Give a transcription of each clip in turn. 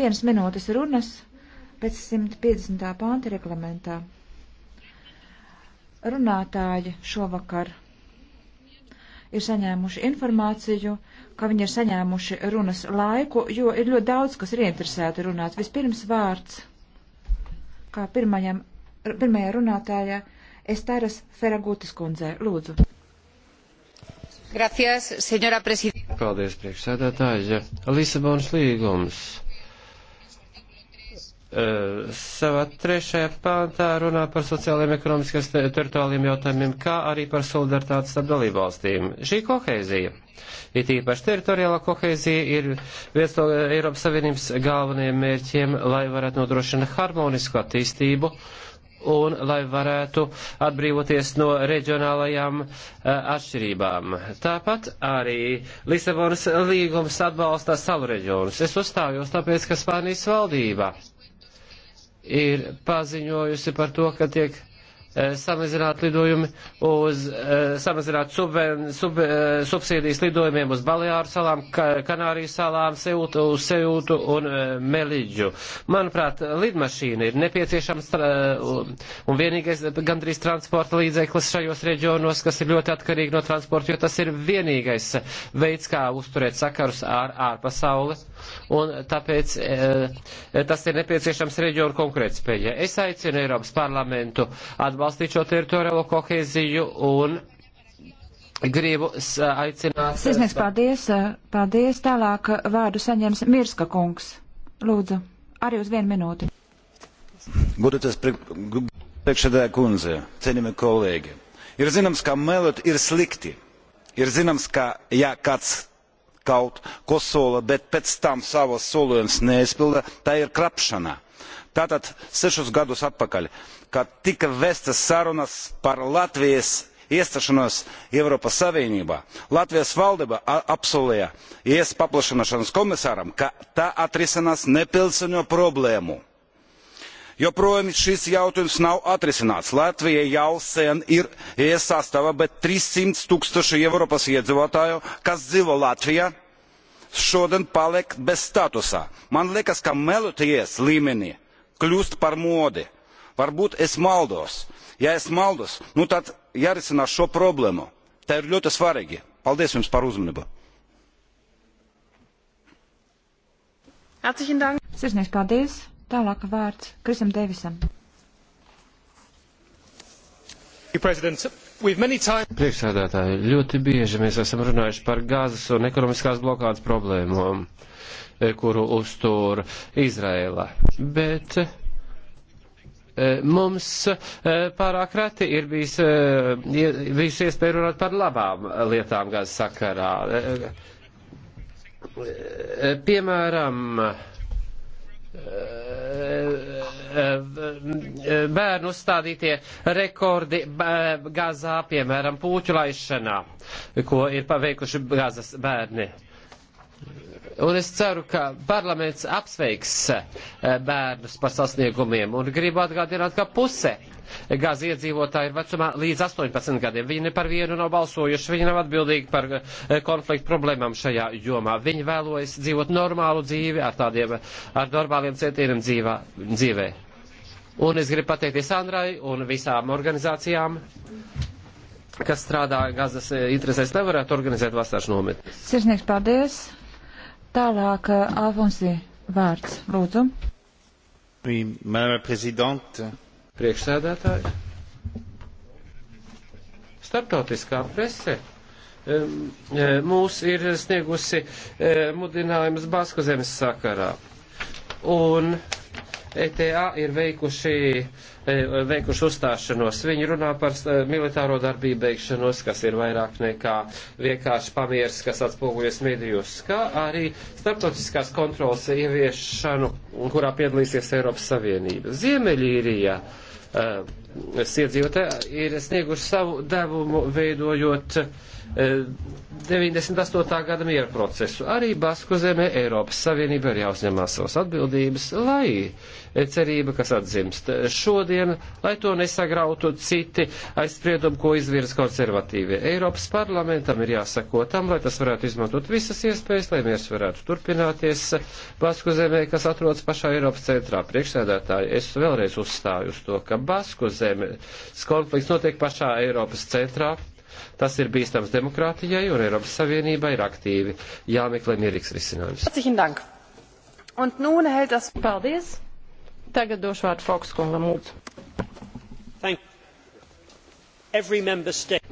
vienas minūtes runas pēc 150. pānta reglamentā. Runātāji šovakar ir saņēmuši informāciju, ka viņi ir saņēmuši runas laiku, jo ir ļoti daudz, kas ir ieinteresēti runāt. Vispirms vārds, kā pirmajam, pirmajā runātājā, Estaras Feragutis kundzē. Lūdzu. Gracias, senora prezidenta. Paldies, priekšsēdētāji. Lisabonas līgums Eh, savā trešajā pāntā runā par sociālajiem, ekonomiskajiem, teritoriāliem jautājumiem, kā arī par solidaritāti starp dalībvalstīm. Šī kohēzija, it īpaši teritoriālā kohēzija, ir viens no Eiropas Savienības galvenajiem mērķiem, lai varētu nodrošina harmonisku attīstību un lai varētu atbrīvoties no reģionālajām uh, atšķirībām. Tāpat arī Lisabonas līgums atbalsta salu reģionus. Es uzstājos tāpēc, ka Spānijas valdība uh, ir paziņojusi par to, ka tiek Eh, samazināt lidojumi uz, eh, samazināt subven, sub, eh, subsīdijas lidojumiem uz Baleāru salām, Kanāriju salām, Seutu, uz Seutu un Meliģu. Manuprāt, lidmašīna ir nepieciešams un vienīgais gandrīz transporta līdzeklis šajos reģionos, kas ir ļoti atkarīgi no transporta, jo tas ir vienīgais veids, kā uzturēt sakarus ar ārpasauli. Un tāpēc e, tas ir nepieciešams reģionu konkrētspējai. Es aicinu Eiropas parlamentu atbalstīt atbalstīt šo teritoriālo kohēziju un gribu aicināt. Sisnieks, eh, paldies, eh, paldies. Tālāk eh, vārdu saņems Mirska kungs. Lūdzu, arī uz vienu minūti. Godātais priekšsēdētāja kundze, cienījamie kolēģi, ir zināms, ka melot ir slikti. Ir zināms, ka ja kāds kaut ko sola, bet pēc tam savas solījums neizpilda, tā ir krapšana Tātad sešus gadus atpakaļ, kad tika vestas sarunas par Latvijas iestāšanos Eiropas Savienībā, Latvijas valdība apsolīja ies paplašināšanas komisāram, ka tā atrisinās nepilsoņo problēmu. Joprojām šis jautājums nav atrisināts. Latvija jau sen ir ES sastāvā, bet 300 tūkstoši Eiropas iedzīvotāju, kas dzīvo Latvijā, šodien paliek bez statusā. Man liekas, ka meloties līmenī kļūst par modi. Varbūt es maldos. Ja es maldos, nu tad jārisinās šo problēmu. Tā ir ļoti svarīga. Paldies jums par uzmanību. Sirsnīgs paldies. Tālāk vārds Krisam Devisam. Priekšsēdētāji, ļoti bieži mēs esam runājuši par gāzes un ekonomiskās blokādes problēmām. E, kuru uztur Izraela. Bet e, mums e, pārāk reti ir bijis, bijis iespēja runāt par labām lietām gāzes sakarā. Piemēram, bērnu uzstādītie rekordi Gazā, piemēram, pūķu laišanā, ko ir paveikuši Gazas bērni. Un es ceru, ka parlaments apsveiks eh, bērnus par sasniegumiem un gribu atgādināt, ka puse gāzi iedzīvotāji ir vecumā līdz 18 gadiem. Viņi ne par vienu nav balsojuši, viņi nav atbildīgi par eh, konfliktu problēmām šajā jomā. Viņi vēlojas dzīvot normālu dzīvi ar tādiem, ar normāliem centieniem dzīvā, dzīvē. Un es gribu pateikties Andrai un visām organizācijām kas strādā Gazas eh, interesēs, nevarētu organizēt vasaršu nometni. Sirsnieks, paldies! Tālāk eh, Alfonsī vārds, lūdzu. Priekšsēdētāji. Startautiskā prese eh, mūs ir sniegusi eh, mudinājumus Basku zemes sakarā. Un ETA ir veikuši, e, veikuši uzstāšanos. Viņi runā par e, militāro darbību beigšanos, kas ir vairāk nekā vienkārši pamieris, kas atspoguļas medijos, kā arī starptautiskās kontrolas ieviešanu, kurā piedalīsies Eiropas Savienība. Ziemeļīrija uh, e, siedzīvotāji ir snieguši savu devumu veidojot uh, 98. Eh, gada miera procesu. Arī Basku zemē Eiropas Savienība ir jāuzņemās savas atbildības, lai eh, cerība, kas atzimst eh, šodien, lai to nesagrautu citi aizspriedumi, ko izvirza konservatīvie. Eiropas parlamentam ir jāsako tam, lai tas varētu izmantot visas iespējas, lai miers varētu turpināties Basku zemē, kas atrodas pašā Eiropas centrā. Priekšsēdētāji, es vēlreiz uzstāju uz to, ka Basku zemes konflikts notiek pašā Eiropas centrā Tas ir bīstams demokrātijai un Eiropas Savienībai ir aktīvi jāmeklē mierīgs risinājums. Paldies! Tagad došu vārdu Fokskungam lūdzu.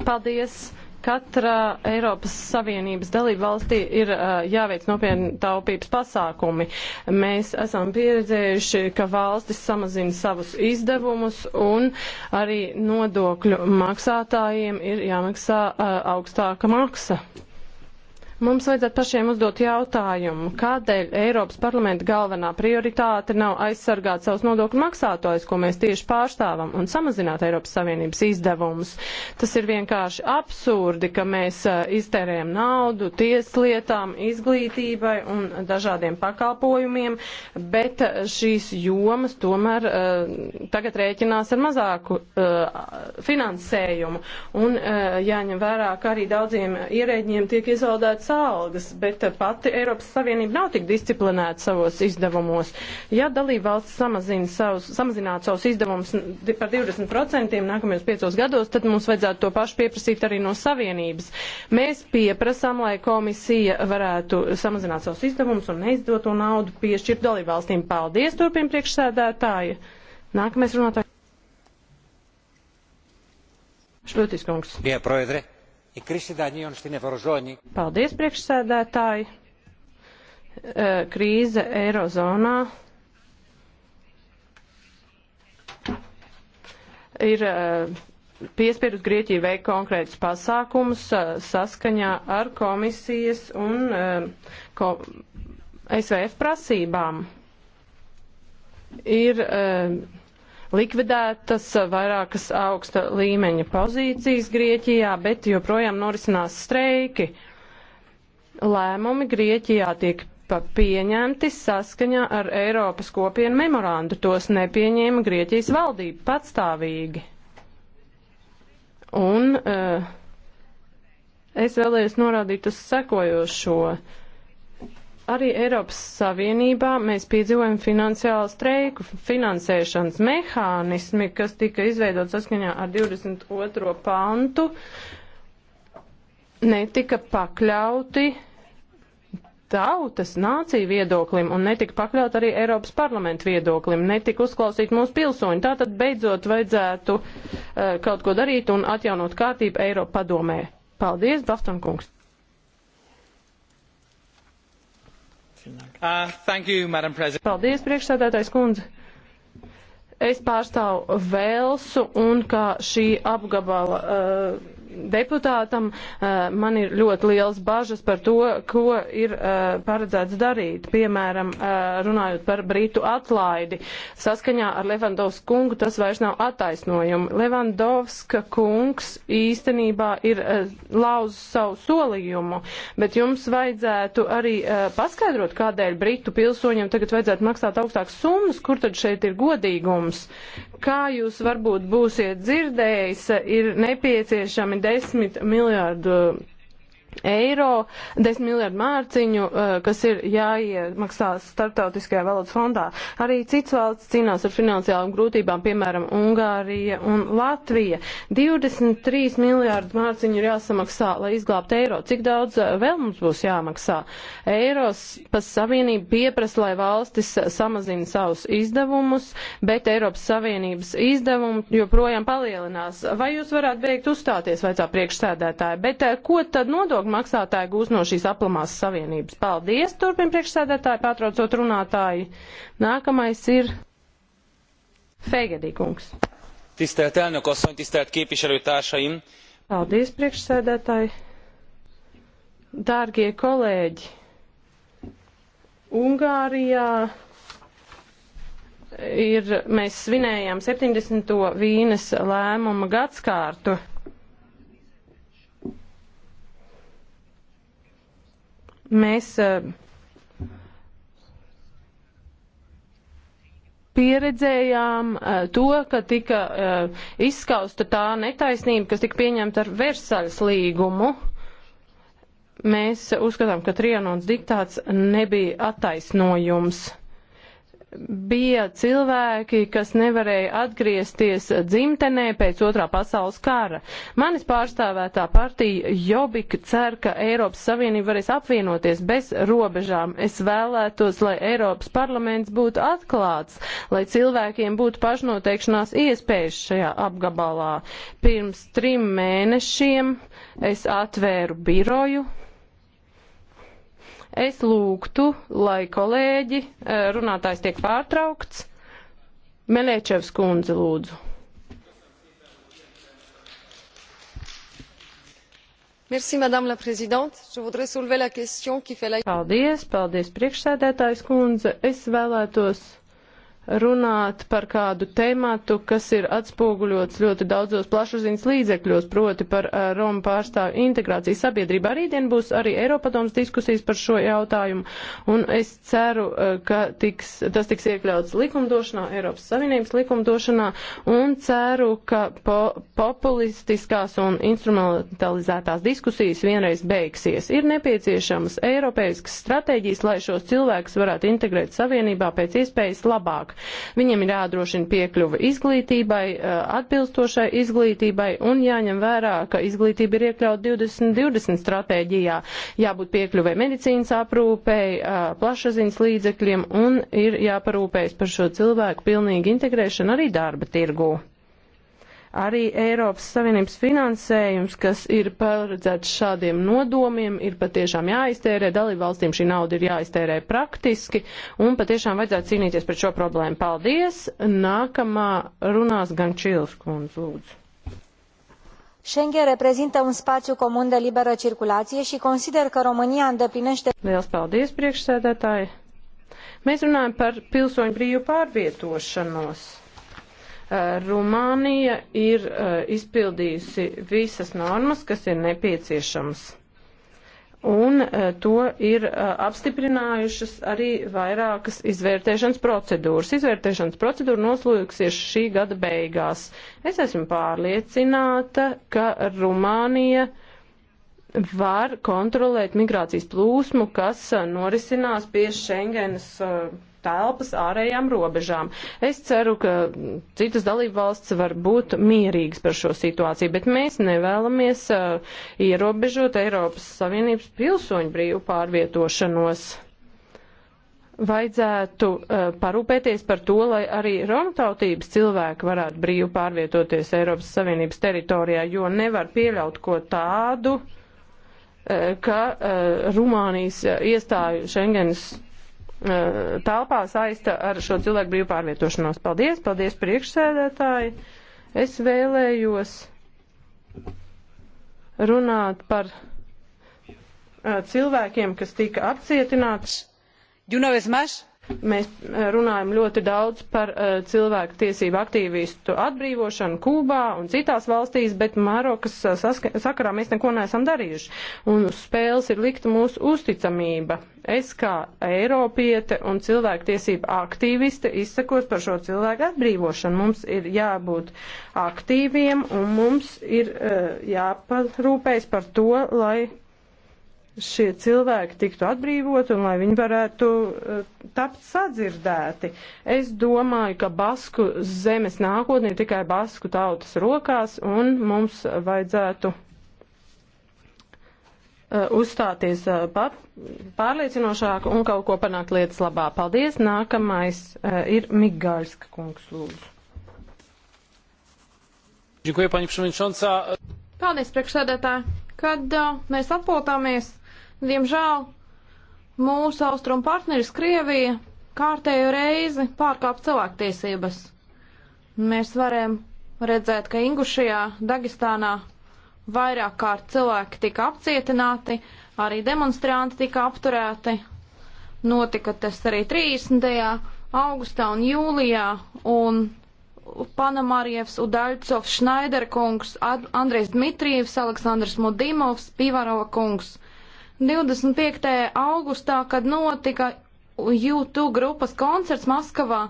Paldies! Katrā Eiropas Savienības dalība valstī ir uh, jāveic nopietni taupības pasākumi. Mēs esam pieredzējuši, ka valstis samazina savus izdevumus un arī nodokļu maksātājiem ir jāmaksā uh, augstāka maksa. Mums vajadzētu pašiem uzdot jautājumu, kādēļ Eiropas parlamenta galvenā prioritāte nav aizsargāt savus nodokļu maksātājus, ko mēs tieši pārstāvam, un samazināt Eiropas Savienības izdevumus. Tas ir vienkārši absurdi, ka mēs eh, iztērējam naudu tieslietām, izglītībai un dažādiem pakalpojumiem, bet eh, šīs jomas tomēr uh, tagad rēķinās ar mazāku uh, finansējumu. Un uh, jāņem vērā, ka arī daudziem ierēģiem tiek izaudēts algas, bet pati Eiropas Savienība nav tik disciplinēta savos izdevumos. Ja dalībvalsts samazina savus, samazinātu savus izdevumus par 20% nākamajos piecos gados, tad mums vajadzētu to pašu pieprasīt arī no Savienības. Mēs pieprasām, lai komisija varētu samazināt savus izdevumus un neizdoto naudu piešķirt dalībvalstīm. Paldies, turpin priekšsēdētāji. Nākamais runātājs. Šļūtis kungs. Jā, proedre. Paldies, priekšsēdētāji! Krīze Eirozonā ir piespiedus Grieķiju veikt konkrētus pasākumus saskaņā ar komisijas un ko, SVF prasībām. Ir uh, likvidētas vairākas augsta līmeņa pozīcijas Grieķijā, bet joprojām norisinās streiki. Lēmumi Grieķijā tiek pieņemti saskaņā ar Eiropas kopienu memorandu. Tos nepieņēma Grieķijas valdība patstāvīgi. Un uh, es vēlējos norādīt uz sekojošo. Uh, arī Eiropas Savienībā mēs piedzīvojam finansiālu streiku, finansēšanas mehānismi, kas tika izveidot saskaņā ar 22. pantu, netika pakļauti tautas, nāciju viedoklim un netika pakļaut arī Eiropas parlamentu viedoklim, netika uzklausīt mūsu pilsoņu. Tātad beidzot vajadzētu uh, kaut ko darīt un atjaunot kārtību Eiropa padomē. Paldies, Baftankungs! Uh, you, Paldies, priekšsēdētājs kundze. Es pārstāvu Velsu un kā šī apgabala. Uh, deputātam eh, man ir ļoti liels bažas par to, ko ir eh, paredzēts darīt. Piemēram, eh, runājot par Britu atlaidi, saskaņā ar Levandovsku kungu tas vairs nav attaisnojumi. Levandovska kungs īstenībā ir lauz savu solījumu, bet jums vajadzētu arī paskaidrot, kādēļ Britu pilsoņiem tagad vajadzētu maksāt augstākas summas, kur tad šeit ir godīgums, kā jūs varbūt būsiet dzirdējis, ir nepieciešami 10 miljārdu eiro, 10 miljardu mārciņu, eh, kas ir jāiemaksā starptautiskajā valodas fondā. Arī cits valsts cīnās ar finansiālām grūtībām, piemēram, Ungārija un Latvija. 23 miljārdu mārciņu ir jāsamaksā, lai izglābtu eiro. Cik daudz eh, vēl mums būs jāmaksā? Eiros pas Savienību pieprasa, lai valstis samazina savus izdevumus, bet Eiropas Savienības izdevumi joprojām palielinās. Vai jūs varētu beigt uzstāties, vai tā priekšsēdētāja? Bet eh, ko tad nodokļu? nodokļu maksātāji gūs no šīs aplamās savienības. Paldies, turpin priekšsēdētāji, pārtraucot runātāji. Nākamais ir Feigedī kungs. Tisztelt elnök asszony, tisztelt képviselőtársaim! Paldies, priekšsēdētāji! Dārgie kolēģi! Ungārijā ir, mēs svinējām 70. vīnes lēmuma gadskārtu. Mēs pieredzējām to, ka tika izskausta tā netaisnība, kas tika pieņemta ar Versaļas līgumu mēs uzskatām, ka Trianons diktāts nebija attaisnojums bija cilvēki, kas nevarēja atgriezties dzimtenē pēc otrā pasaules kara. Manis pārstāvētā partija Jobika cer, ka Eiropas Savienība varēs apvienoties bez robežām. Es vēlētos, lai Eiropas parlaments būtu atklāts, lai cilvēkiem būtu pašnoteikšanās iespējas šajā apgabalā. Pirms trim mēnešiem es atvēru biroju Es lūgtu, lai kolēģi, eh, runātājs tiek pārtraukts. Melēčevs kundze lūdzu. Merci, madame la présidente. Je voudrais soulever la question qui fait la... Paldies, paldies priekšsēdētājs kundze. Es vēlētos runāt par kādu tematu, kas ir atspoguļots ļoti daudzos plašsaziņas līdzekļos, proti par uh, eh, Romu pārstāvu integrāciju sabiedrībā. Rītdien būs arī Eiropadoms diskusijas par šo jautājumu, un es ceru, uh, ka tiks, tas tiks iekļauts likumdošanā, Eiropas Savienības likumdošanā, un ceru, ka po populistiskās un instrumentalizētās diskusijas vienreiz beigsies. Ir nepieciešamas eiropeiskas stratēģijas, lai šos cilvēkus varētu integrēt Savienībā pēc iespējas labāk. Viņiem ir jādrošina piekļuva izglītībai, eh, atbilstošai izglītībai un jāņem vērā, ka izglītība ir iekļaut 2020 stratēģijā. Jābūt piekļuvai medicīnas aprūpei, eh, plašaziņas līdzekļiem un ir jāparūpējas par šo cilvēku pilnīgu integrēšanu arī darba tirgū. Arī Eiropas Savienības finansējums, kas ir paredzēts šādiem nodomiem, ir patiešām jāiztērē. Dalībvalstīm šī nauda ir jāiztērē praktiski un patiešām vajadzētu cīnīties pret šo problēmu. Paldies! Nākamā runās Gančils kundze, lūdzu. Schengen reprezintă un spațiu comun de liberă circulație și consider că România îndeplinește... Liels paldies, priekšsēdētāji! Mēs runājam par pilsoņu brīvu pārvietošanos. Eh, Rumānija ir eh, izpildījusi visas normas, kas ir nepieciešamas. Un eh, to ir apstiprinājušas arī vairākas izvērtēšanas procedūras. Izvērtēšanas procedūra noslūgsies šī gada beigās. Es esmu pārliecināta, ka Rumānija var kontrolēt migrācijas plūsmu, kas norisinās pie Schengenas. Uh, telpas ārējām robežām. Es ceru, ka citas dalība valsts var būt mierīgas par šo situāciju, bet mēs nevēlamies uh, ierobežot Eiropas Savienības pilsoņu brīvu pārvietošanos. Vajadzētu uh, parūpēties par to, lai arī romtautības cilvēki varētu brīvi pārvietoties Eiropas Savienības teritorijā, jo nevar pieļaut ko tādu, uh, ka uh, Rumānijas uh, iestāju Schengens Uh, telpā saista ar šo cilvēku brīvu pārvietošanos. Paldies, paldies priekšsēdētāji. Es vēlējos runāt par uh, cilvēkiem, kas tika apcietināts. Y una vez más, Mēs eh, runājam ļoti daudz par uh, cilvēku tiesību aktīvistu atbrīvošanu Kūbā un citās valstīs, bet Marokas eh, sakarā mēs neko neesam darījuši. Un uz spēles ir likta mūsu uzticamība. Es kā Eiropiete un cilvēku tiesību aktīviste izsakos par šo cilvēku atbrīvošanu. Mums ir jābūt aktīviem un mums ir uh, jāparūpējas par to, lai šie cilvēki tiktu atbrīvot un lai viņi varētu eh, tapt sadzirdēti. Es domāju, ka Basku zemes nākotnē ir tikai Basku tautas rokās un mums vajadzētu eh, uzstāties eh, pārliecinošāk un kaut ko panākt lietas labā. Paldies! Nākamais ir Migārska kungs lūdzu. Paldies, priekšsēdētāji! Kad uh, mēs atpūtāmies Diemžēl mūsu austrumu partneris Krievija kārtēju reizi pārkāp cilvēktiesības. Mēs varējām redzēt, ka Ingušijā, Dagestānā vairāk kārt cilvēki tika apcietināti, arī demonstranti tika apturēti. Notika tas arī 30. augustā un jūlijā, un Panamārievs, Udaļcovs, Šnaider kungs, Andrejs Dmitrievs, Aleksandrs Mudimovs, Pivarova kungs. 25. augustā, kad notika YouTube grupas koncerts Maskavā,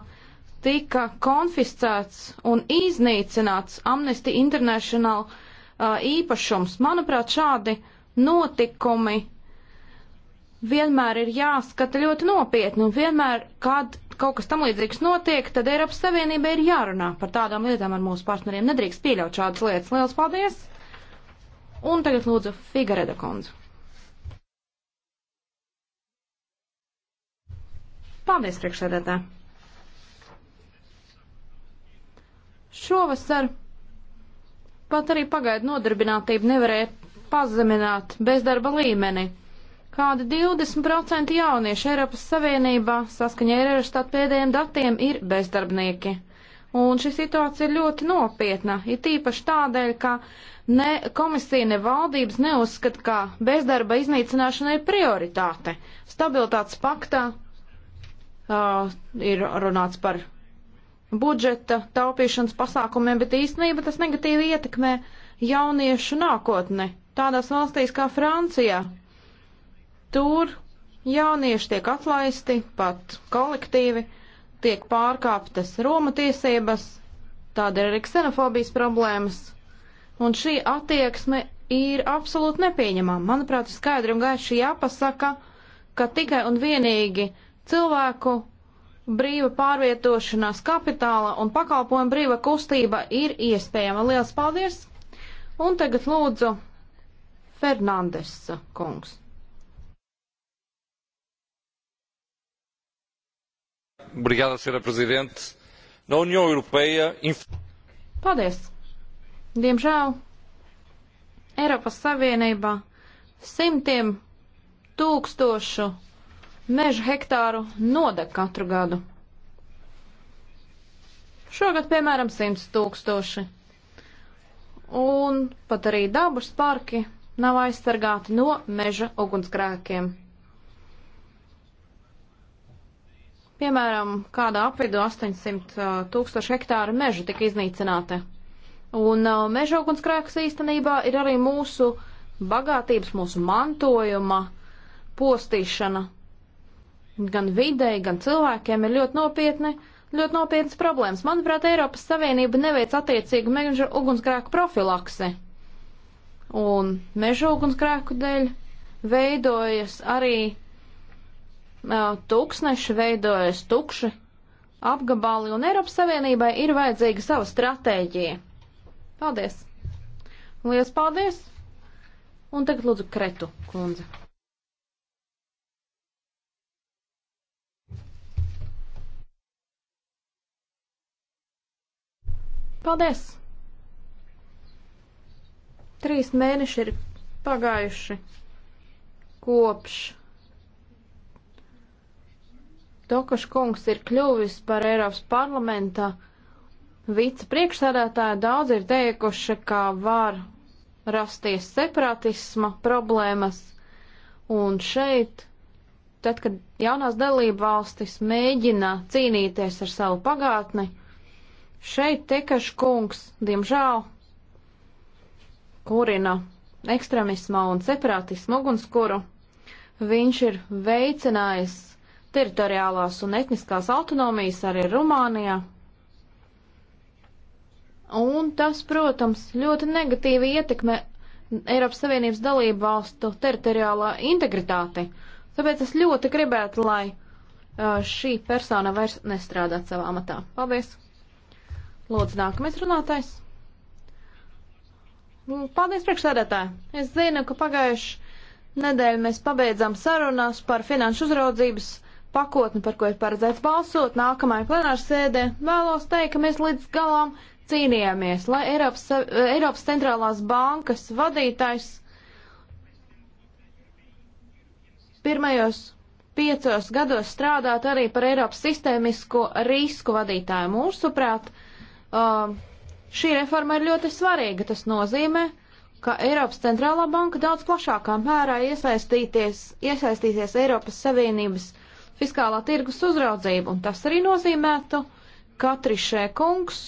tika konfiscēts un iznīcināts Amnesty International uh, īpašums. Manuprāt, šādi notikumi vienmēr ir jāskata ļoti nopietni, un vienmēr, kad kaut kas tam līdzīgs notiek, tad Eiropas Savienība ir jārunā par tādām lietām ar mūsu partneriem. Nedrīkst pieļaut šādas lietas. Lielas paldies! Un tagad lūdzu Figareda kundzu. Paldies, priekšsēdētā. Šovasar pat arī pagaidu nodarbinātību nevarēja pazemināt bezdarba līmeni. Kādi 20% jaunieši Eiropas Savienībā saskaņā ar Eurostat pēdējiem datiem ir bezdarbnieki. Un šī situācija ir ļoti nopietna, ir tīpaši tādēļ, ka ne komisija, ne valdības neuzskata, ka bezdarba iznīcināšana ir prioritāte. Stabilitātes paktā uh, ir runāts par budžeta taupīšanas pasākumiem, bet īstenībā tas negatīvi ietekmē jauniešu nākotni tādās valstīs kā Francijā. Tur jaunieši tiek atlaisti, pat kolektīvi, tiek pārkāptas Roma tiesības, tāda ir arī ksenofobijas problēmas, un šī attieksme ir absolūti nepieņemama. Manuprāt, skaidri un gaiši jāpasaka, ka tikai un vienīgi Cilvēku brīva pārvietošanās, kapitāla un pakalpojuma brīva kustība ir iespējama. Lielas paldies! Un tagad lūdzu Fernandes kungs. Obrigada, Sra. Presidente. Na União Europeia. Inf... Paldies! Diemžēl Eiropas Savienībā simtiem tūkstošu meža hektāru nodeg katru gadu. Šogad, piemēram, 100 tūkstoši. Un pat arī dabas parki nav aizsargāti no meža ugunsgrēkiem. Piemēram, kādā apvidū 800 tūkstoši hektāru meža tika iznīcināti. Un uh, meža ugunsgrēks īstenībā ir arī mūsu bagātības, mūsu mantojuma postīšana gan videi, gan cilvēkiem ir ļoti nopietni, ļoti nopietnas problēmas. Manuprāt, Eiropas Savienība neveic attiecīgu meža ugunsgrēku profilaksi. Un meža ugunsgrēku dēļ veidojas arī uh, tūkstneši, veidojas tukši apgabali, un Eiropas Savienībai ir vajadzīga sava stratēģija. Paldies! Lielas paldies! Un tagad lūdzu Kretu kundze. Paldies! Trīs mēneši ir pagājuši kopš Tokaš kungs ir kļuvis par Eiropas parlamenta vicepriekšsēdētāju. Daudz ir teikuši, ka var rasties separatisma problēmas. Un šeit, tad, kad jaunās dalība valstis mēģina cīnīties ar savu pagātni, Šeit Tekaš kungs, diemžēl, kurina ekstremismā un separātismu ugunskuru. Viņš ir veicinājis teritoriālās un etniskās autonomijas arī Rumānijā. Un tas, protams, ļoti negatīvi ietekmē Eiropas Savienības dalību valstu teritoriālā integritāte. Tāpēc es ļoti gribētu, lai uh, šī persona vairs nestrādātu savā amatā. Paldies! Lūdzu, nākamais runātājs. Paldies, priekšsēdētāji. Es zinu, ka pagājuši nedēļu mēs pabeidzām sarunās par finanšu uzraudzības pakotni, par ko ir paredzēts balsot nākamajā plenāru sēdē. Vēlos teikt, ka mēs līdz galām cīnījāmies, lai Eiropas, Eiropas centrālās bankas vadītājs pirmajos piecos gados strādāt arī par Eiropas sistēmisko risku vadītāju. Mūsuprāt, uh, Uh, šī reforma ir ļoti svarīga. Tas nozīmē, ka Eiropas centrālā banka daudz plašākā mērā iesaistīsies Eiropas Savienības fiskālā tirgus uzraudzību, un tas arī nozīmētu, ka Trišē kungs,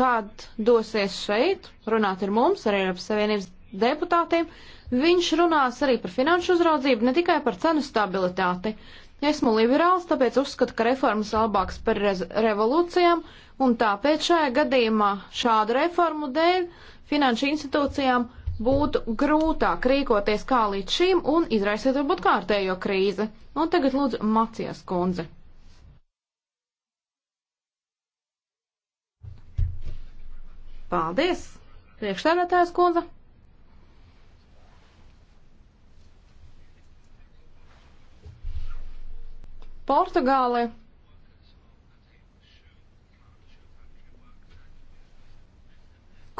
kad dosies šeit, runāt ar mums, ar Eiropas Savienības deputātiem, viņš runās arī par finanšu uzraudzību, ne tikai par cenu stabilitāti. Esmu liberāls, tāpēc uzskatu, ka reformas labākas par revolūcijām, un tāpēc šajā gadījumā šādu reformu dēļ finanšu institūcijām būtu grūtāk rīkoties kā līdz šim un izraisīt varbūt kārtējo krīzi. Un tagad lūdzu Macijas kundze. Paldies, priekšstādātājas kundze. Portugāli.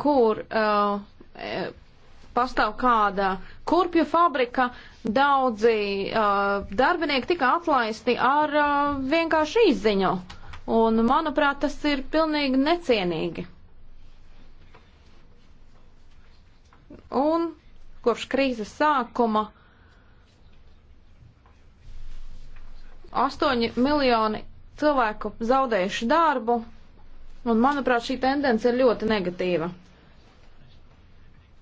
Kur uh, e, pastāv kāda kurpju fabrika, daudzi uh, darbinieki tika atlaisti ar uh, vienkāršu izziņu. Un, manuprāt, tas ir pilnīgi necienīgi. Un kopš krīzes sākuma uh, 8 miljoni cilvēku zaudējuši darbu, un manuprāt šī tendence ir ļoti negatīva.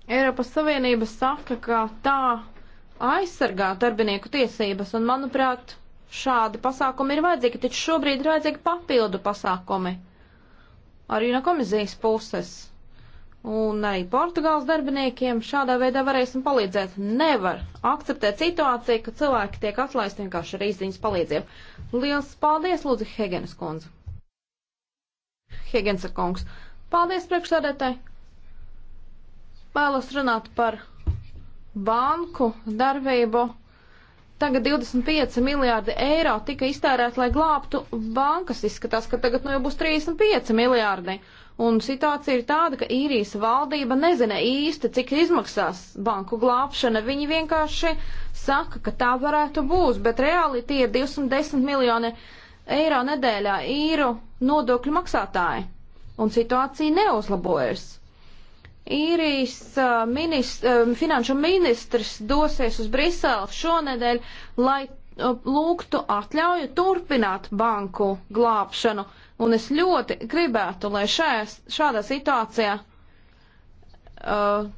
Eiropas Savienība saka, ka tā aizsargā darbinieku tiesības, un manuprāt šādi pasākumi ir vajadzīgi, taču šobrīd ir vajadzīgi papildu pasākumi arī no komisijas puses un arī Portugāles darbiniekiem šādā veidā varēsim palīdzēt. Nevar akceptēt situāciju, ka cilvēki tiek atlaisti vienkārši ar īsziņas palīdzību. Liels paldies, Lūdzu, Hegenes kundze. Hegensa kungs. Paldies, priekšsēdētāji. Vēlos runāt par banku darbību. Tagad 25 miljārdi eiro tika iztērēti, lai glābtu bankas. Izskatās, ka tagad nu jau būs 35 miljārdi eiro. Un situācija ir tāda, ka īrijas valdība nezina īsti, cik izmaksās banku glābšana. Viņi vienkārši saka, ka tā varētu būt, bet reāli tie ir 210 miljoni eiro nedēļā īru nodokļu maksātāji. Un situācija neuzlabojas. Īrijas uh, minist, uh, finanšu ministrs dosies uz Briselu šonedēļ, lai uh, lūgtu atļauju turpināt banku glābšanu. Uh, Un es ļoti gribētu, lai šajās, šādā situācijā uh,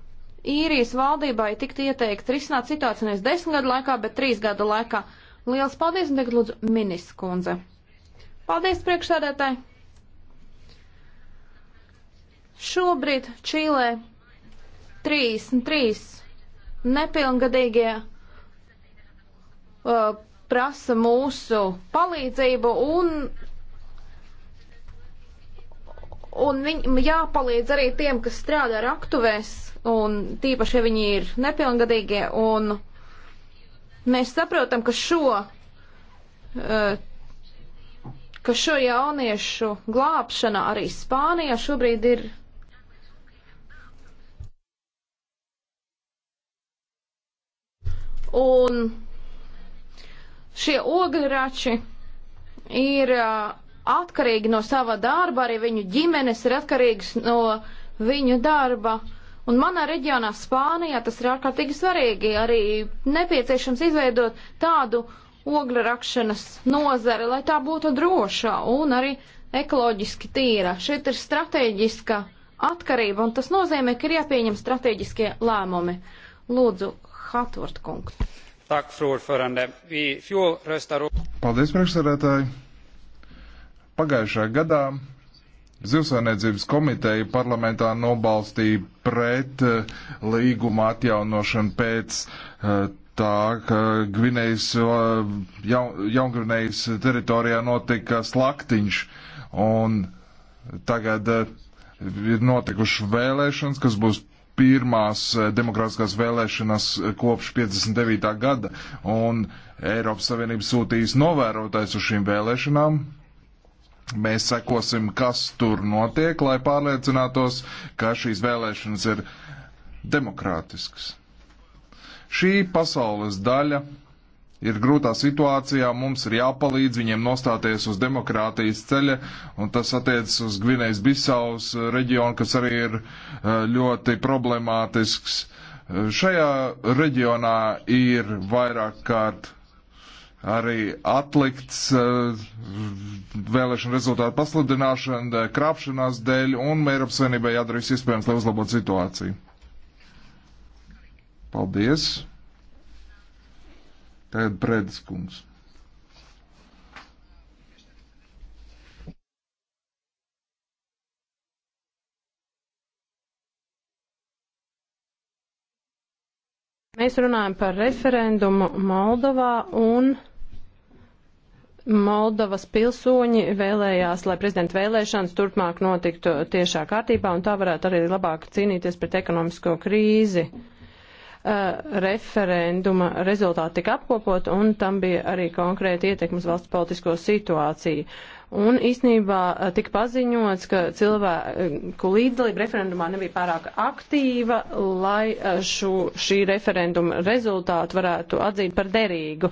īrijas valdībai tiktu ieteikt risināt situāciju nevis desmit gadu laikā, bet trīs gadu laikā. Liels paldies un tagad lūdzu ministrs kundze. Paldies priekšsēdētāji. Šobrīd Čīlē 33 nepilngadīgie uh, prasa mūsu palīdzību un Un viņam jāpalīdz arī tiem, kas strādā raktuvēs, un tīpaši, ja viņi ir nepilngadīgie, un mēs saprotam, ka šo, eh, ka šo jauniešu glābšana arī Spānijā šobrīd ir Un šie ograči ir uh, atkarīgi no sava darba, arī viņu ģimenes ir atkarīgas no viņu darba. Un manā reģionā, Spānijā, tas ir ārkārtīgi svarīgi. Arī nepieciešams izveidot tādu ogļu rakšanas nozari, lai tā būtu droša un arī ekoloģiski tīra. Šeit ir strateģiska atkarība, un tas nozīmē, ka ir jāpieņem strateģiskie lēmumi. Lūdzu, Hatvort kungs. Paldies, priekšsēdētāji! Pagājušajā gadā Zivsainiedzības komiteja parlamentā nobalstīja pret eh, līguma atjaunošanu pēc eh, tā, ka Gvinējas, eh, jaun, Jaungvinējas teritorijā notika slaktiņš un tagad ir notikuši vēlēšanas, kas būs pirmās demokrātiskās vēlēšanas kopš 59. gada, un Eiropas Savienība sūtīs novērotājs uz šīm vēlēšanām, Mēs sekosim, kas tur notiek, lai pārliecinātos, ka šīs vēlēšanas ir demokrātiskas. Šī pasaules daļa ir grūtā situācijā, mums ir jāpalīdz viņiem nostāties uz demokrātijas ceļa, un tas attiecas uz Gvinējas Bisaus reģionu, kas arī ir eh, ļoti problemātisks. Eh, šajā reģionā ir vairāk kārt arī atlikts eh, vēlēšana rezultātu pasludināšana eh, krāpšanās dēļ, un Eiropas Savienībai jādara viss iespējams, lai uzlabotu situāciju. Paldies! Tagad Prēdas kungs. Mēs runājam par referendumu Moldovā un. Moldovas pilsoņi vēlējās, lai prezidenta vēlēšanas turpmāk notiktu tiešā kārtībā, un tā varētu arī labāk cīnīties pret ekonomisko krīzi. Uh, referenduma rezultāti tika apkopot, un tam bija arī konkrēti ietekmes valsts politisko situāciju. Uh, Un īsnībā eh, tika paziņots, ka cilvēku līdzdalība referendumā nebija pārāk aktīva, lai eh, šo, šī referenduma rezultātu varētu atzīt par derīgu.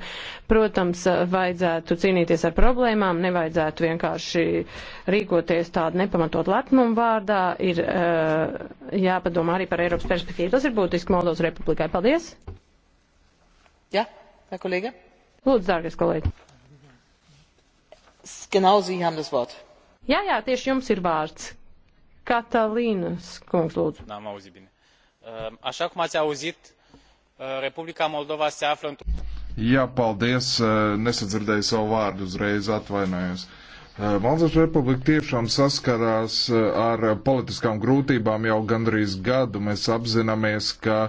Protams, eh, vajadzētu cīnīties ar problēmām, nevajadzētu vienkārši rīkoties tādu nepamatot lepnumu vārdā. Ir jāpadomā arī par Eiropas perspektīvu. Tas ir būtiski Moldovas republikai. Paldies! Jā, ja, kolēģi. Lūdzu, dārgais kolēģi. Genau, Sie haben das Wort. Jā, jā, tieši jums ir vārds. Catalīnas kungs, lūdzu. N-am auzit bine. Ehm, așa cum ați auzit, eh, Republica Moldova se află într-un... Jā, paldies. Eh, nesadzirdēju savu vārdu uzreiz, atvainojos. Uh, Eh, Moldovas republika tiešām saskarās eh, ar politiskām grūtībām jau gandrīz gadu. Mēs apzināmies, ka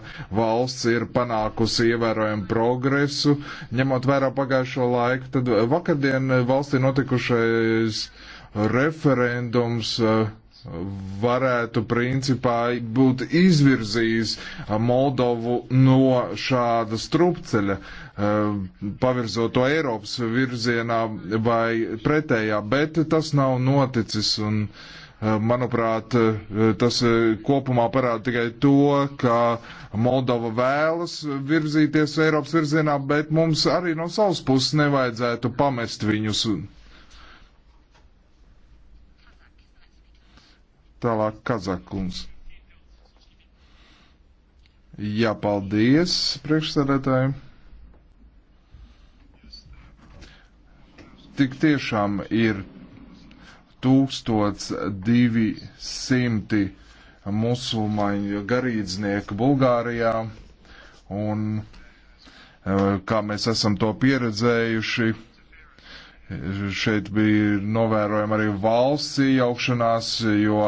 valsts ir panākusi ievērojumu progresu, ņemot vērā pagājušo laiku. Tad vakardien valstī notikušais referendums uh, varētu principā būt izvirzījis Moldovu no šāda strupceļa, eh, pavirzot to Eiropas virzienā vai pretējā, bet tas nav noticis. Un, eh, manuprāt, eh, tas kopumā parāda tikai to, ka Moldova vēlas virzīties Eiropas virzienā, bet mums arī no savas puses nevajadzētu pamest viņus Tālāk Kazakums. Jā, paldies priekšsēdētājiem. Tik tiešām ir 1200 musulmaņu garīdznieku Bulgārijā, un eh, kā mēs esam to pieredzējuši, Šeit bija novērojama arī valsts iejaukšanās, jo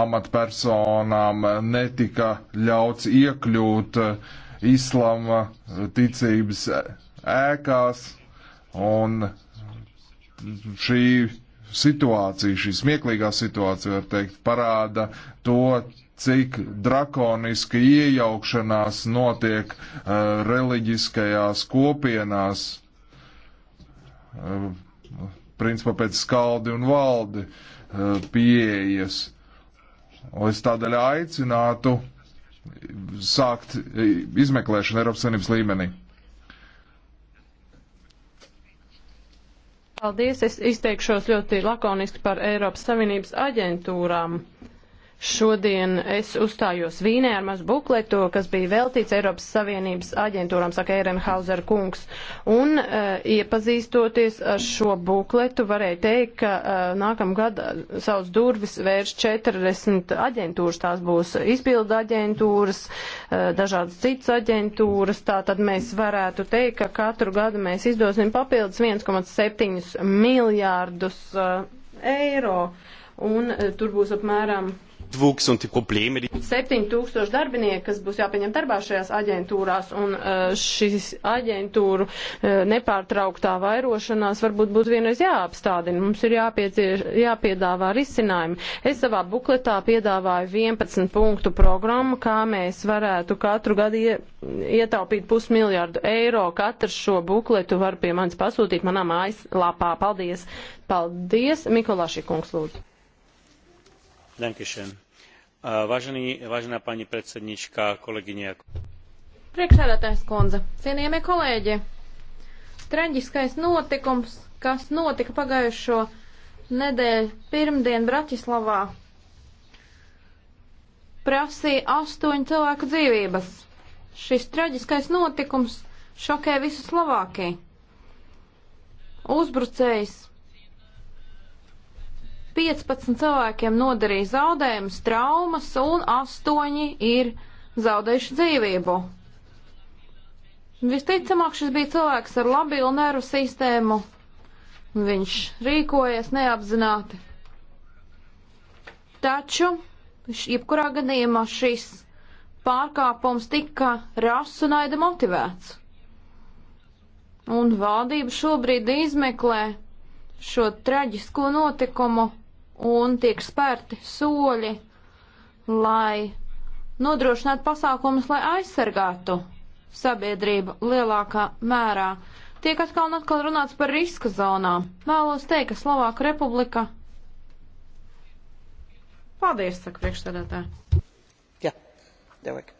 amatpersonām netika ļauts iekļūt islama ticības ēkās, un šī situācija, šī smieklīgā situācija, var teikt, parāda to, cik drakoniski iejaukšanās notiek uh, reliģiskajās kopienās. Uh, principā pēc skaldi un valdi eh, pieejas. Un es tādēļ aicinātu sākt eh, izmeklēšanu Eiropas Savienības līmenī. Paldies, es izteikšos ļoti lakoniski par Eiropas Savienības aģentūrām. Uh, Šodien es uzstājos Vīnē ar mazu bukletu, kas bija veltīts Eiropas Savienības aģentūram, saka Ehrenhauser kungs. Un uh, iepazīstoties ar šo bukletu, varēja teikt, ka uh, nākamgad eh, savus durvis vērš 40 aģentūras. Tās būs izpilda aģentūras, uh, dažādas citas aģentūras. Tātad mēs varētu teikt, ka katru gadu mēs izdosim papildus 1,7 miljārdus uh, eiro. Un uh, tur būs apmēram Wuchs un die Probleme, die 7000 darbinieki, kas būs jāpieņem darbā šajās aģentūrās, un e, šīs aģentūru e, nepārtrauktā vairošanās varbūt būtu vienreiz jāapstādina. Mums ir jāpiedāvā risinājumi. Es savā bukletā piedāvāju 11 punktu programmu, kā mēs varētu katru gadu ietaupīt pusmiljārdu eiro. Katrs šo bukletu var pie manis pasūtīt manā mājas lapā. Paldies! Paldies, Mikolāši kungs, lūdzu! Dankeschön. Vážený, vážená pani predsednička, kolegyne. Priekšsēdētājs kundze, cienījamie kolēģi, traģiskais notikums, kas notika pagājušo nedēļu pirmdien Bratislavā, prasīja astoņu cilvēku dzīvības. Šis traģiskais notikums šokē visu Slovākiju. Uzbrucējs 15 cilvēkiem nodarīja zaudējumus, traumas, un 8 ir zaudējuši dzīvību. Visticamāk, šis bija cilvēks ar labilu nervu sistēmu. Viņš rīkojies neapzināti. Taču, jebkurā gadījumā, šis pārkāpums tika rasu naida motivēts. Un valdība šobrīd izmeklē šo traģisko notikumu un tiek spērti soļi, lai nodrošinātu pasākumus, lai aizsargātu sabiedrību lielākā mērā. Tiek atkal un atkal runāts par riska zonām. Vēlos teikt, ka Slovāka republika. Paldies, saka priekšsēdētāji. Jā, devāk.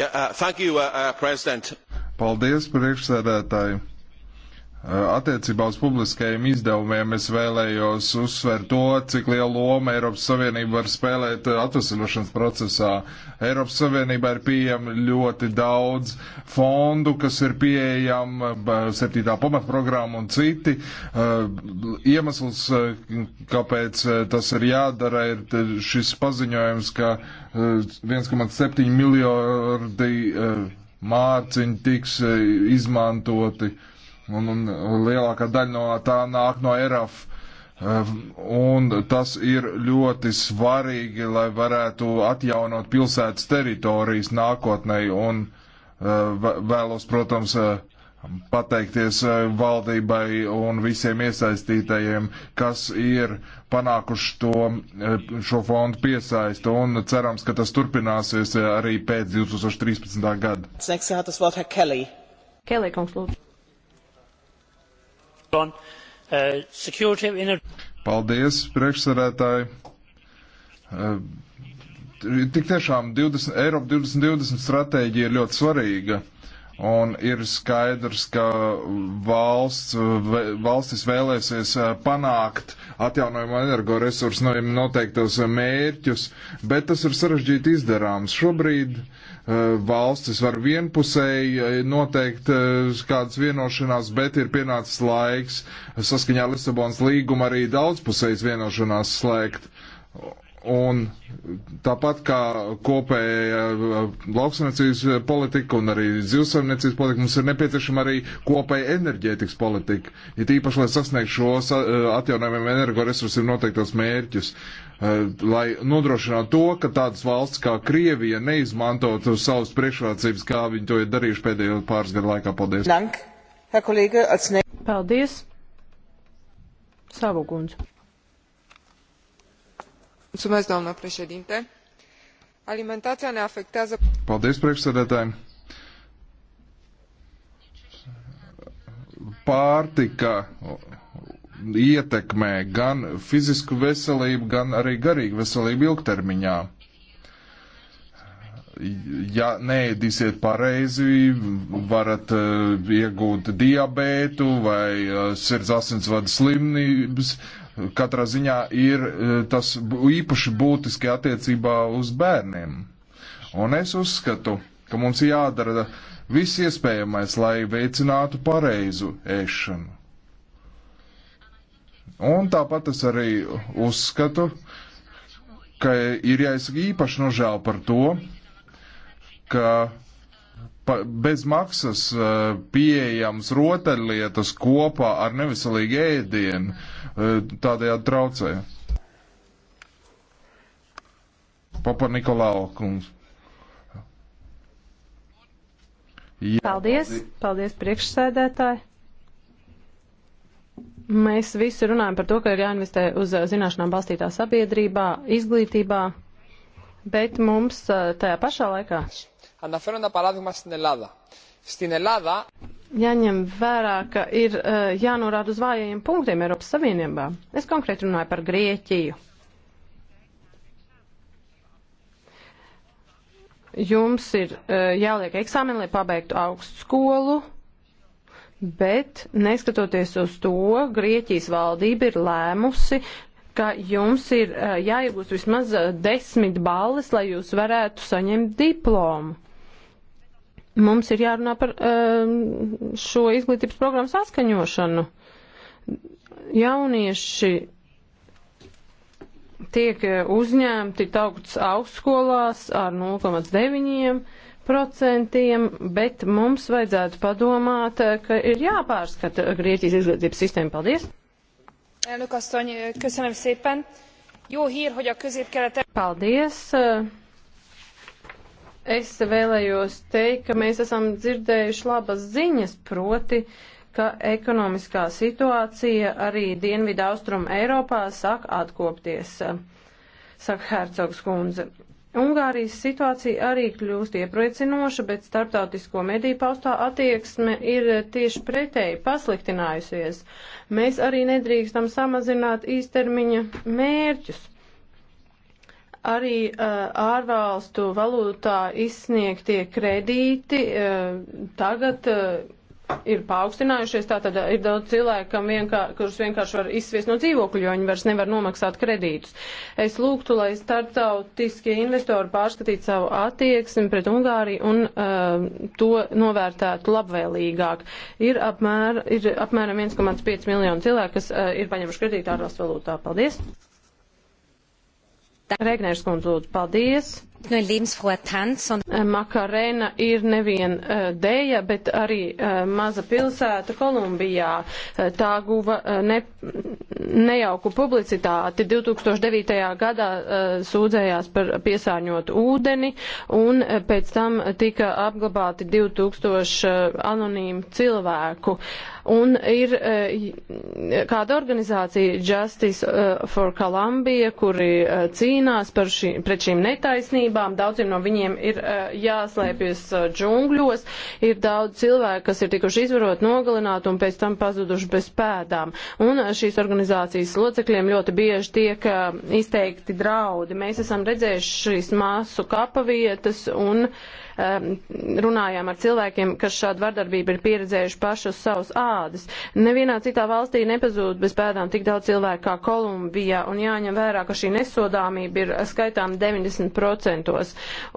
Yeah, uh, thank you, uh, uh, President. Paldies, priekšsēdētāji. Attiecībā uz publiskajiem izdevumiem es vēlējos uzsvērt to, cik lielu lomu Eiropas Savienība var spēlēt atvesļošanas procesā. Eiropas Savienībā ir pieejama ļoti daudz fondu, kas ir pieejama septītā pamatprogramma un citi. Eh, iemesls, eh, kāpēc eh, tas ir jādara, ir šis paziņojums, ka 1,7 miljardi mārciņi tiks izmantoti un, un lielākā daļa no tā nāk no ERAF. Ehm, un tas ir ļoti svarīgi, lai varētu atjaunot pilsētas teritorijas nākotnē. Un ehm, vēlos, protams, ehm, pateikties valdībai un visiem iesaistītajiem, kas ir panākuši to, šo fondu piesaistu un cerams, ka tas turpināsies arī pēc 2013. gada. Kelly, kungs, lūdzu. Uh, Paldies, priekšsarētāji. Uh, tik tiešām 20, Eiropa 2020 stratēģija ir ļoti svarīga. Un ir skaidrs, ka valsts, valstis vēlēsies eh, panākt atjaunojumu energoresursu no noteiktos eh, mērķus, bet tas ir sarežģīti izdarāms. Šobrīd eh, valstis var vienpusēji noteikt kādas vienošanās, bet ir pienācis laiks saskaņā Lisabonas līguma arī daudzpusējas vienošanās slēgt. Un tāpat kā kopēja uh, lauksaimniecības politika un arī zivsaimniecības politika, mums ir nepieciešama arī kopēja enerģētikas politika. Ir ja īpaši, lai sasniegtu šos uh, atjaunojumiem energoresursiem noteiktos mērķus, uh, lai nodrošinātu to, ka tādas valsts kā Krievija neizmantotu savas priekšrocības, kā viņi to ir darījuši pēdējo pāris gadu laikā. Paldies! Paldies! Savu kundzi! doamnă președinte alimentația ne afectează. Paldies, priekšsēdētāji! Pārtika ietekmē gan fizisku veselību, gan arī garīgu veselību ilgtermiņā. Ja neēdīsiet pareizi, varat uh, iegūt diabētu vai uh, sirds asinsvadu slimības, uh, katrā ziņā ir e, tas īpaši būtiski attiecībā uz bērniem. Un es uzskatu, ka mums jādara viss iespējamais, lai veicinātu pareizu ēšanu. Un tāpat es arī uzskatu, ka ir jāizsaka īpaši nožēl par to, ka bez maksas eh, pieejams rotaļlietas kopā ar neveselīgu ēdienu eh, tādējādi traucē. Papa Nikolau kungs. Jā. Paldies, paldies priekšsēdētāji. Mēs visi runājam par to, ka ir jāinvestē uz eh, zināšanām balstītā sabiedrībā, izglītībā, bet mums tajā pašā laikā Αναφέρω ένα παράδειγμα στην Ελλάδα. Στην Ελλάδα. Jāņem vērā, ka ir uh, jānorāda uz vājajiem punktiem Eiropas Savienībā. Es konkrēti runāju par Grieķiju. Jums ir uh, jāliek eksāmeni, lai pabeigtu augstu skolu, bet neskatoties uz to, Grieķijas valdība ir lēmusi ka jums ir eh, jāiegūst vismaz desmit balles, lai jūs varētu saņemt diplomu. Mums ir jārunā par ehm, šo izglītības programmu saskaņošanu. Jaunieši tiek eh, uzņemti tautas augstskolās ar 0,9%, bet mums vajadzētu padomāt, eh, ka ir jāpārskata Grieķijas izglītības sistēma. Paldies! Elnök asszony, köszönöm szépen. Jó hír, hogy a közép-kelet... Paldies! Uh, Es vēlējos teikt, ka mēs esam dzirdējuši labas ziņas, proti, ka ekonomiskā situācija arī Dienvidu Austrumu Eiropā sāk atkopties, saka Hercogs kundze. Ungārijas situācija arī kļūst iepriecinoša, bet starptautisko mediju paustā attieksme ir tieši pretēji pasliktinājusies. Mēs arī nedrīkstam samazināt īstermiņa mērķus. Arī uh, ārvalstu valūtā izsniegtie kredīti uh, tagad. Uh, ir paaugstinājušies, tātad ir daudz cilvēku, kam vienkār, kurus vienkārši var izsviest no dzīvokļu, jo viņi vairs nevar nomaksāt kredītus. Es lūgtu, lai starptautiskie investori pārskatītu savu attieksmi pret Ungāriju un uh, to novērtētu labvēlīgāk. Ir, apmēr, ir apmēram 1,5 miljonu cilvēku, kas uh, ir paņemuši kredītu ārvalstu valūtā. Paldies! Regnēšs kundze, lūdzu, paldies. No nu, un... Eh, Makarena ir nevien uh, dēja, bet arī uh, maza pilsēta Kolumbijā. Uh, tā guva uh, ne, nejauku publicitāti. 2009. gadā uh, sūdzējās par piesārņotu ūdeni un uh, pēc tam tika apglabāti 2000 uh, anonīmu cilvēku. Uh, un ir eh, kāda organizācija Justice eh, for Columbia, kuri eh, cīnās par šī, pret šīm netaisnībām. Daudziem no viņiem ir jāslēpjas džungļos. Ir daudz cilvēku, kas ir tikuši izvarot, nogalināt un pēc tam pazuduši bez pēdām. Un šīs organizācijas locekļiem ļoti bieži tiek izteikti draudi. Mēs esam redzējuši šīs māsu kapavietas un uh, runājām ar cilvēkiem, kas šādu vardarbību ir pieredzējuši paši uz savas ādas. Nevienā citā valstī nepazūd bez pēdām tik daudz cilvēku kā Kolumbijā, un jāņem vērā, ka šī nesodāmība ir eh, skaitām 90%.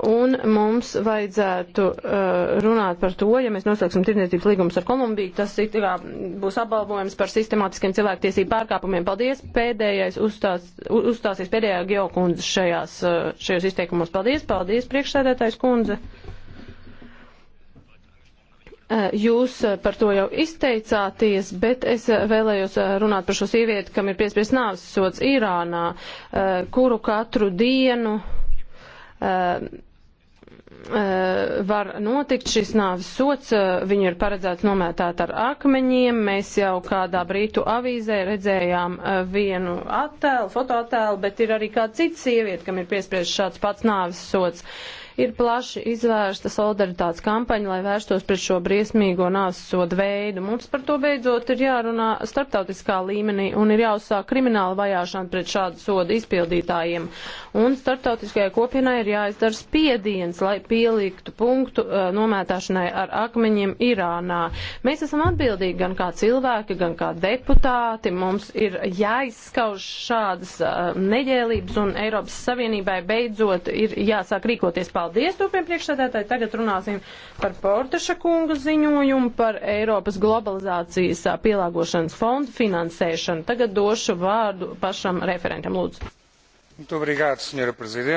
Un mums vajadzētu uh, runāt par to, ja mēs noslēgsim tirdzniecības līgumus ar Kolumbiju, tas ir, kā, būs apbalvojums par sistemātiskiem cilvēktiesību pārkāpumiem. Paldies! Pēdējais uzstās, uzstāsies pēdējā geokundze šajās, eh, šajos izteikumos. Paldies! Paldies, priekšsēdētājs kundze! Eh, jūs eh, par to jau izteicāties, bet es eh, vēlējos runāt par šo sievieti, kam ir piespiests nāves sots Irānā, kuru katru dienu var notikt šis nāves sots, viņu ir paredzēts nomētāt ar akmeņiem. Mēs jau kādā brītu avīzē redzējām vienu attēlu, fotoattēlu, bet ir arī kāda cita sieviete, kam ir piespriezt šāds pats nāves sots. Uh, Ir plaši izvērsta solidaritātes kampaņa, lai vērstos pret šo briesmīgo nāves sodu veidu. Mums par to beidzot ir jārunā starptautiskā līmenī un ir jāuzsāk krimināla vajāšana pret šādu sodu izpildītājiem. Un starptautiskajai kopienai ir jāizdara spiediens, lai pieliktu punktu uh, nomētāšanai ar akmeņiem Irānā. Mēs esam atbildīgi gan kā cilvēki, gan kā deputāti. Mums ir jāizskauž šādas uh, neģēlības un Eiropas Savienībai beidzot ir jāsāk rīkoties. Paldies! Paldies, tūpiem priekšsēdētāji. Tagad runāsim par Porteša kunga ziņojumu par Eiropas globalizācijas pielāgošanas fondu finansēšanu. Tagad došu vārdu pašam referentam. Lūdzu.